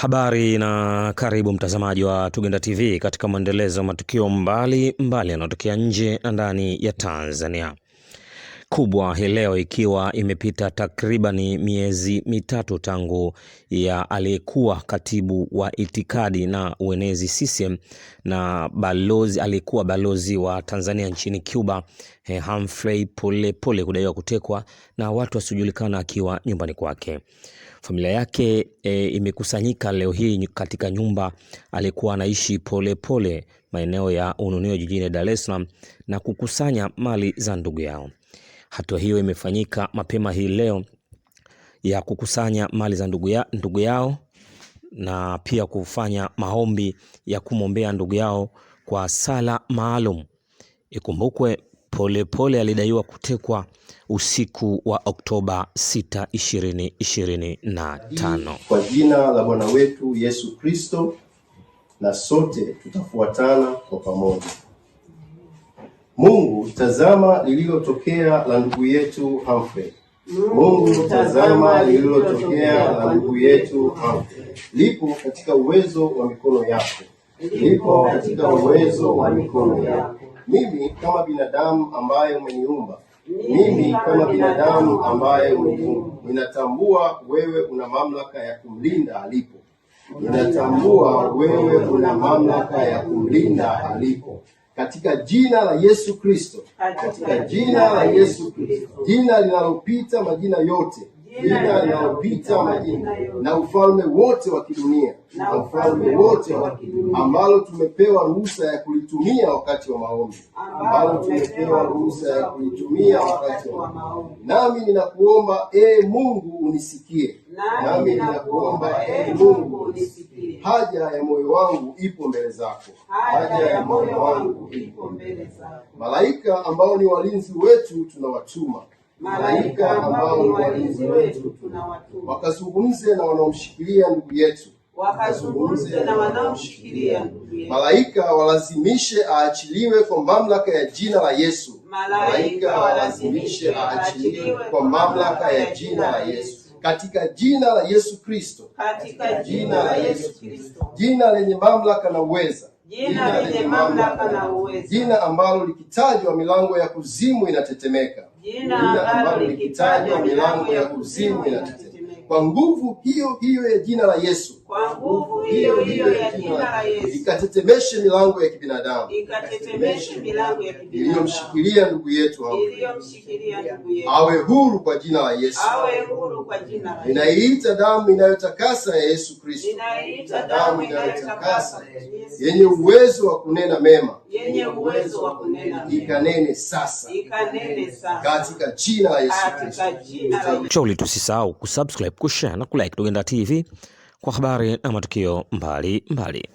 Habari na karibu mtazamaji wa Tugenda TV katika mwendelezo wa matukio mbali mbali yanayotokea nje na ndani ya Tanzania kubwa hii leo ikiwa imepita takribani miezi mitatu tangu ya aliyekuwa katibu wa itikadi na uenezi CCM na balozi aliyekuwa balozi wa Tanzania nchini Cuba eh, Humphrey Polepole kudaiwa kutekwa na watu wasiojulikana akiwa nyumbani kwake. Familia yake e, imekusanyika leo hii katika nyumba aliyekuwa anaishi Polepole maeneo ya Ununio jijini Dar es Salaam na kukusanya mali za ndugu yao. Hatua hiyo imefanyika mapema hii leo ya kukusanya mali za ndugu, ya, ndugu yao na pia kufanya maombi ya kumwombea ndugu yao kwa sala maalum. Ikumbukwe Polepole alidaiwa kutekwa usiku wa Oktoba 6, 2025 kwa jina la Bwana wetu Yesu Kristo, na sote tutafuatana kwa pamoja. Mungu tazama lililotokea la ndugu yetu Humphrey. Mungu tazama lililotokea la ndugu yetu Humphrey. Lipo katika uwezo wa mikono yako, lipo katika uwezo wa mikono yako. Mimi kama binadamu ambaye umeniumba, mimi kama binadamu ambaye umeniumba, ninatambua wewe una mamlaka ya kumlinda alipo, ninatambua wewe una mamlaka ya kumlinda alipo katika jina la Yesu Kristo, katika jina la Yesu Kristo, jina linalopita majina yote, jina linalopita majina na ufalme wote wa kidunia, na ufalme wote wa kidunia, ambalo tumepewa ruhusa ya kulitumia wakati wa maombi, ambalo tumepewa ruhusa ya kulitumia wakati wa maombi. Nami ninakuomba e Mungu unisikie, nami e ninakuomba e Mungu unisikie haja ya moyo wangu ipo mbele zako, haja ya moyo wangu ipo mbele zako. Malaika ambao ni walinzi wetu tunawatuma malaika ambao ni walinzi wetu tunawatuma, wakazungumze na wanaomshikilia ndugu yetu, wakazungumze na wanaomshikilia ndugu yetu. Malaika walazimishe aachiliwe kwa mamlaka ya jina la Yesu, malaika walazimishe aachiliwe kwa mamlaka ya jina la Yesu katika jina la Yesu Kristo, katika jina la Yesu Kristo, jina lenye mamlaka na uweza jina lenye mamlaka na uweza, jina ambalo likitajwa milango ya kuzimu inatetemeka, jina ambalo likitajwa milango ya kuzimu inatetemeka. Kwa nguvu hiyo hiyo ya jina la Yesu kwa nguvu hiyo hiyo ya jina la Yesu ikatetemeshe milango ya kibinadamu, ikatetemeshe milango ya kibinadamu iliyomshikilia ndugu yetu hapo, iliyomshikilia ndugu yetu, awe huru kwa jina la Yesu, awe huru kwa jina la Yesu. Ninaiita damu inayotakasa ya Yesu Kristo, ninaiita damu inayotakasa yenye uwezo wa kunena mema, yenye uwezo wa kunena mema, ikanene sasa, ikanene sasa, katika jina la Yesu Kristo. Shauri tusisahau kusubscribe, kushare na kulike TV kwa habari na matukio mbali mbali.